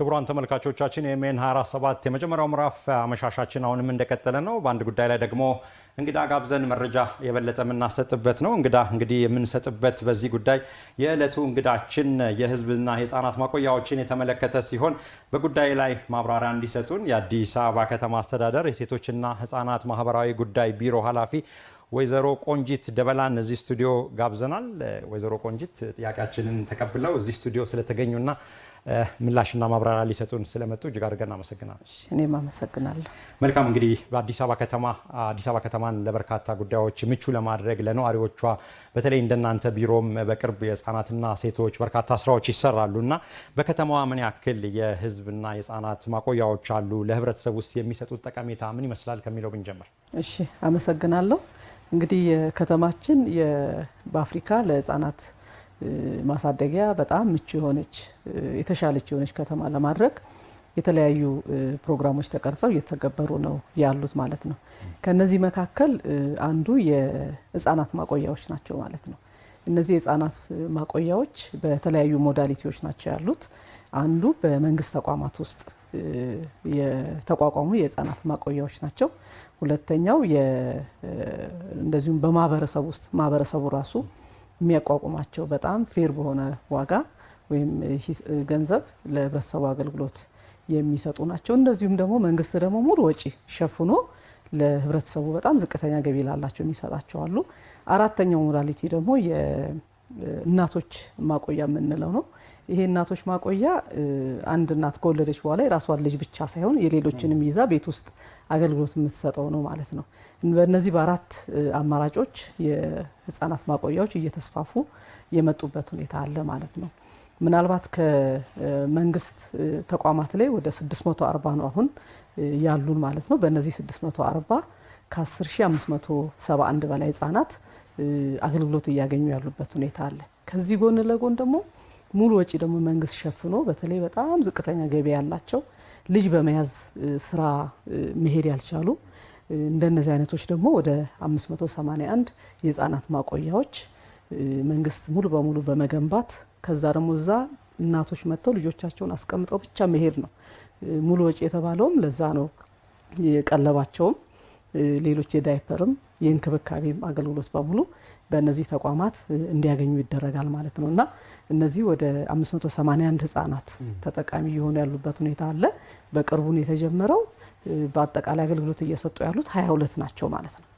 ክቡራን ተመልካቾቻችን የሜን 24 የመጀመሪያው ምዕራፍ አመሻሻችን አሁንም እንደቀጠለ ነው። በአንድ ጉዳይ ላይ ደግሞ እንግዳ ጋብዘን መረጃ የበለጠ የምናሰጥበት ነው። እንግዳ እንግዲህ የምንሰጥበት በዚህ ጉዳይ የዕለቱ እንግዳችን የህዝብና የህፃናት ማቆያዎችን የተመለከተ ሲሆን በጉዳይ ላይ ማብራሪያ እንዲሰጡን የአዲስ አበባ ከተማ አስተዳደር የሴቶችና ህፃናት ማህበራዊ ጉዳይ ቢሮ ኃላፊ ወይዘሮ ቆንጂት ደበላን እዚህ ስቱዲዮ ጋብዘናል። ወይዘሮ ቆንጂት ጥያቄያችንን ተቀብለው እዚህ ስቱዲዮ ስለተገኙና ምላሽና ማብራሪያ ሊሰጡን ስለመጡ እጅግ አድርገን አመሰግናለሁ። እኔም አመሰግናለሁ። መልካም እንግዲህ በአዲስ አበባ ከተማ አዲስ አበባ ከተማን ለበርካታ ጉዳዮች ምቹ ለማድረግ ለነዋሪዎቿ በተለይ እንደናንተ ቢሮም በቅርብ የህጻናትና ሴቶች በርካታ ስራዎች ይሰራሉ እና በከተማዋ ምን ያክል የህዝብና የህጻናት ማቆያዎች አሉ? ለህብረተሰብ ውስጥ የሚሰጡት ጠቀሜታ ምን ይመስላል ከሚለው ብንጀምር። እሺ፣ አመሰግናለሁ። እንግዲህ ከተማችን በአፍሪካ ለህጻናት ማሳደጊያ በጣም ምቹ የሆነች የተሻለች የሆነች ከተማ ለማድረግ የተለያዩ ፕሮግራሞች ተቀርጸው እየተገበሩ ነው ያሉት ማለት ነው። ከነዚህ መካከል አንዱ የህፃናት ማቆያዎች ናቸው ማለት ነው። እነዚህ የህፃናት ማቆያዎች በተለያዩ ሞዳሊቲዎች ናቸው ያሉት። አንዱ በመንግስት ተቋማት ውስጥ የተቋቋሙ የህፃናት ማቆያዎች ናቸው። ሁለተኛው እንደዚሁም በማህበረሰብ ውስጥ ማህበረሰቡ ራሱ የሚያቋቁማቸው በጣም ፌር በሆነ ዋጋ ወይም ገንዘብ ለህብረተሰቡ አገልግሎት የሚሰጡ ናቸው። እንደዚሁም ደግሞ መንግስት ደግሞ ሙሉ ወጪ ሸፍኖ ለህብረተሰቡ በጣም ዝቅተኛ ገቢ ላላቸው የሚሰጣቸው አሉ። አራተኛው ሞዳሊቲ ደግሞ የእናቶች ማቆያ የምንለው ነው። ይሄ እናቶች ማቆያ አንድ እናት ከወለደች በኋላ የራሷን ልጅ ብቻ ሳይሆን የሌሎችንም ይዛ ቤት ውስጥ አገልግሎት የምትሰጠው ነው ማለት ነው። በእነዚህ በአራት አማራጮች የህፃናት ማቆያዎች እየተስፋፉ የመጡበት ሁኔታ አለ ማለት ነው። ምናልባት ከመንግስት ተቋማት ላይ ወደ 640 ነው አሁን ያሉን ማለት ነው። በእነዚህ 640 ከ10571 በላይ ህጻናት አገልግሎት እያገኙ ያሉበት ሁኔታ አለ። ከዚህ ጎን ለጎን ደግሞ ሙሉ ወጪ ደግሞ መንግስት ሸፍኖ በተለይ በጣም ዝቅተኛ ገቢ ያላቸው ልጅ በመያዝ ስራ መሄድ ያልቻሉ እንደነዚህ አይነቶች ደግሞ ወደ 581 የህፃናት ማቆያዎች መንግስት ሙሉ በሙሉ በመገንባት ከዛ ደግሞ እዛ እናቶች መጥተው ልጆቻቸውን አስቀምጠው ብቻ መሄድ ነው ሙሉ ወጪ የተባለውም ለዛ ነው። የቀለባቸውም ሌሎች የዳይፐርም የእንክብካቤም አገልግሎት በሙሉ በእነዚህ ተቋማት እንዲያገኙ ይደረጋል ማለት ነው እና እነዚህ ወደ 581 ህጻናት ተጠቃሚ እየሆኑ ያሉበት ሁኔታ አለ። በቅርቡን የተጀመረው በአጠቃላይ አገልግሎት እየሰጡ ያሉት 22 ናቸው ማለት ነው።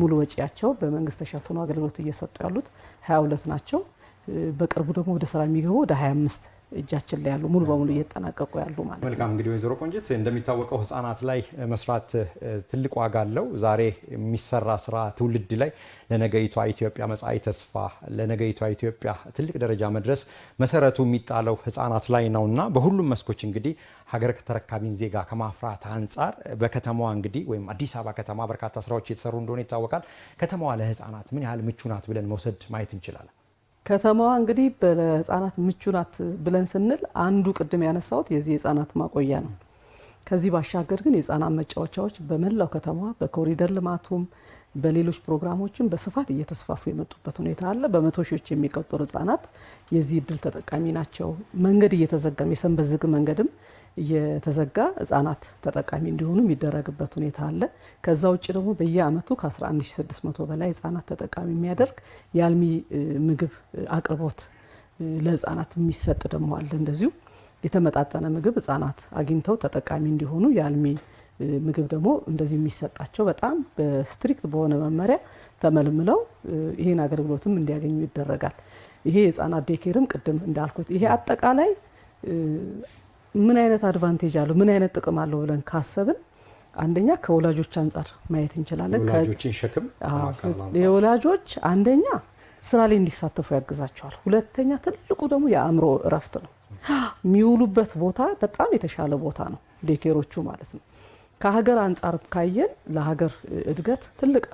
ሙሉ ወጪያቸው በመንግስት ተሸፍኖ አገልግሎት እየሰጡ ያሉት 22 ናቸው። በቅርቡ ደግሞ ወደ ስራ የሚገቡ ወደ 25 እጃችን ላይ ያሉ ሙሉ በሙሉ እየተጠናቀቁ ያሉ ማለት ነው። መልካም እንግዲህ ወይዘሮ ቆንጅት እንደሚታወቀው ህጻናት ላይ መስራት ትልቅ ዋጋ አለው። ዛሬ የሚሰራ ስራ ትውልድ ላይ ለነገይቷ ኢትዮጵያ መጻኢ ተስፋ ለነገይቷ ኢትዮጵያ ትልቅ ደረጃ መድረስ መሰረቱ የሚጣለው ህጻናት ላይ ነው እና በሁሉም መስኮች እንግዲህ ሀገር ተረካቢን ዜጋ ከማፍራት አንጻር በከተማዋ እንግዲህ ወይም አዲስ አበባ ከተማ በርካታ ስራዎች የተሰሩ እንደሆነ ይታወቃል። ከተማዋ ለህጻናት ምን ያህል ምቹ ናት ብለን መውሰድ ማየት እንችላለን? ከተማዋ እንግዲህ ለህጻናት ምቹ ናት ብለን ስንል አንዱ ቅድም ያነሳሁት የዚህ የህጻናት ማቆያ ነው። ከዚህ ባሻገር ግን የህጻናት መጫወቻዎች በመላው ከተማዋ በኮሪደር ልማቱም በሌሎች ፕሮግራሞችም በስፋት እየተስፋፉ የመጡበት ሁኔታ አለ። በመቶ ሺዎች የሚቆጠሩ ህጻናት የዚህ እድል ተጠቃሚ ናቸው። መንገድ እየተዘጋም የሰንበት ዝግ መንገድም እየተዘጋ ህጻናት ተጠቃሚ እንዲሆኑ የሚደረግበት ሁኔታ አለ። ከዛ ውጭ ደግሞ በየአመቱ ከ11600 በላይ ህጻናት ተጠቃሚ የሚያደርግ የአልሚ ምግብ አቅርቦት ለህጻናት የሚሰጥ ደግሞ አለ። እንደዚሁ የተመጣጠነ ምግብ ህጻናት አግኝተው ተጠቃሚ እንዲሆኑ የአልሚ ምግብ ደግሞ እንደዚህ የሚሰጣቸው በጣም በስትሪክት በሆነ መመሪያ ተመልምለው ይሄን አገልግሎትም እንዲያገኙ ይደረጋል። ይሄ የህጻናት ዴኬርም ቅድም እንዳልኩት ይሄ አጠቃላይ ምን አይነት አድቫንቴጅ አለው፣ ምን አይነት ጥቅም አለው ብለን ካሰብን አንደኛ ከወላጆች አንጻር ማየት እንችላለን። የወላጆች አንደኛ ስራ ላይ እንዲሳተፉ ያግዛቸዋል። ሁለተኛ ትልቁ ደግሞ የአእምሮ እረፍት ነው። የሚውሉበት ቦታ በጣም የተሻለ ቦታ ነው፣ ዴኬሮቹ ማለት ነው። ከሀገር አንጻር ካየን ለሀገር እድገት ትልቅ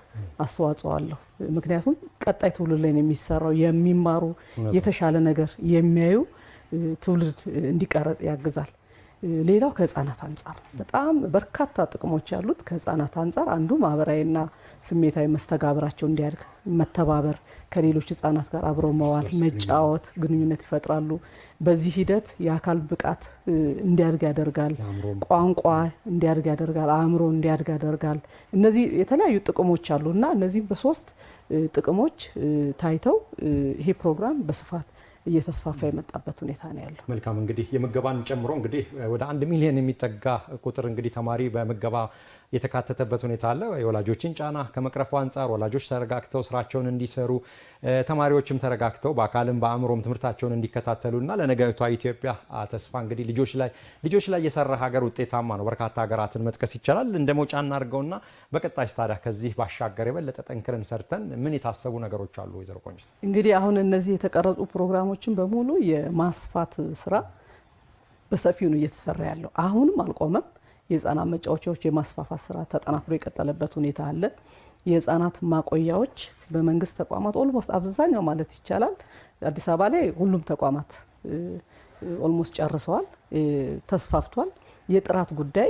አስተዋጽኦ አለው። ምክንያቱም ቀጣይ ትውልድ ላይ ነው የሚሰራው፣ የሚማሩ የተሻለ ነገር የሚያዩ ትውልድ እንዲቀረጽ ያግዛል። ሌላው ከህፃናት አንጻር በጣም በርካታ ጥቅሞች ያሉት ከህፃናት አንጻር አንዱ ማህበራዊና ስሜታዊ መስተጋብራቸው እንዲያድግ መተባበር፣ ከሌሎች ህፃናት ጋር አብረው መዋል፣ መጫወት ግንኙነት ይፈጥራሉ። በዚህ ሂደት የአካል ብቃት እንዲያድግ ያደርጋል፣ ቋንቋ እንዲያድግ ያደርጋል፣ አእምሮ እንዲያድግ ያደርጋል። እነዚህ የተለያዩ ጥቅሞች አሉ እና እነዚህም በሶስት ጥቅሞች ታይተው ይሄ ፕሮግራም በስፋት እየተስፋፋ የመጣበት ሁኔታ ነው ያለው። መልካም እንግዲህ የምገባን ጨምሮ እንግዲህ ወደ አንድ ሚሊዮን የሚጠጋ ቁጥር እንግዲህ ተማሪ በምገባ የተካተተበት ሁኔታ አለ። የወላጆችን ጫና ከመቅረፉ አንጻር ወላጆች ተረጋግተው ስራቸውን እንዲሰሩ፣ ተማሪዎችም ተረጋግተው በአካልም በአእምሮም ትምህርታቸውን እንዲከታተሉና ለነገቷ ኢትዮጵያ ተስፋ እንግዲህ ልጆች ላይ ልጆች ላይ የሰራ ሀገር ውጤታማ ነው። በርካታ ሀገራትን መጥቀስ ይቻላል። እንደ መውጫ እናድርገውና በቀጣይ ታዲያ ከዚህ ባሻገር የበለጠ ጠንክረን ሰርተን ምን የታሰቡ ነገሮች አሉ? ወይዘሮ ቆንጅት እንግዲህ አሁን እነዚህ የተቀረጹ ፕሮግራሞችን በሙሉ የማስፋት ስራ በሰፊው ነው እየተሰራ ያለው። አሁንም አልቆመም። የህፃናት መጫወቻዎች የማስፋፋት ስራ ተጠናክሮ የቀጠለበት ሁኔታ አለ። የህፃናት ማቆያዎች በመንግስት ተቋማት ኦልሞስት አብዛኛው ማለት ይቻላል አዲስ አበባ ላይ ሁሉም ተቋማት ኦልሞስት ጨርሰዋል፣ ተስፋፍቷል። የጥራት ጉዳይ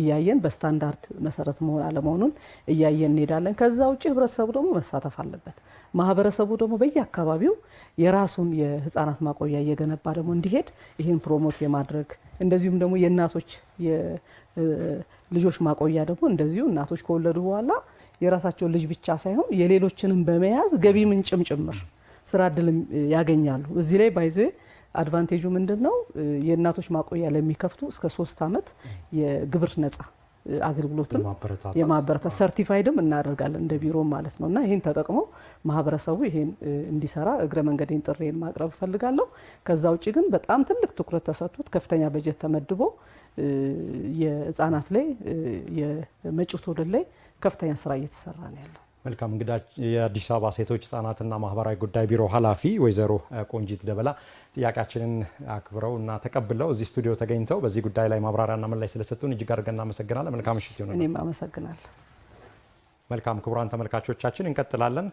እያየን በስታንዳርድ መሰረት መሆን አለመሆኑን እያየን እንሄዳለን። ከዛ ውጭ ህብረተሰቡ ደግሞ መሳተፍ አለበት። ማህበረሰቡ ደግሞ በየአካባቢው የራሱን የህፃናት ማቆያ እየገነባ ደግሞ እንዲሄድ ይህን ፕሮሞት የማድረግ እንደዚሁም ደግሞ የእናቶች ልጆች ማቆያ ደግሞ እንደዚሁ እናቶች ከወለዱ በኋላ የራሳቸውን ልጅ ብቻ ሳይሆን የሌሎችንም በመያዝ ገቢ ምንጭም ጭምር ስራ እድልም ያገኛሉ። እዚህ ላይ ባይዞ አድቫንቴጁ ምንድን ነው? የእናቶች ማቆያ ለሚከፍቱ እስከ ሶስት ዓመት የግብር ነጻ አገልግሎትም የማበረታ ሰርቲፋይድም እናደርጋለን እንደ ቢሮ ማለት ነው። እና ይህን ተጠቅሞ ማህበረሰቡ ይሄን እንዲሰራ እግረ መንገዴን ጥሬን ማቅረብ እፈልጋለሁ። ከዛ ውጭ ግን በጣም ትልቅ ትኩረት ተሰጥቶት ከፍተኛ በጀት ተመድቦ የህጻናት ላይ የመጪው ትውልድ ላይ ከፍተኛ ስራ እየተሰራ ነው ያለው። መልካም እንግዳ የአዲስ አበባ ሴቶች ህጻናትና ማህበራዊ ጉዳይ ቢሮ ኃላፊ ወይዘሮ ቆንጂት ደበላ ጥያቄያችንን አክብረው እና ተቀብለው እዚህ ስቱዲዮ ተገኝተው በዚህ ጉዳይ ላይ ማብራሪያና ምላሽ ስለሰጡን እጅግ አድርገን እናመሰግናለን። መልካም ምሽት ይሆነ። እኔም አመሰግናለሁ። መልካም ክቡራን ተመልካቾቻችን እንቀጥላለን።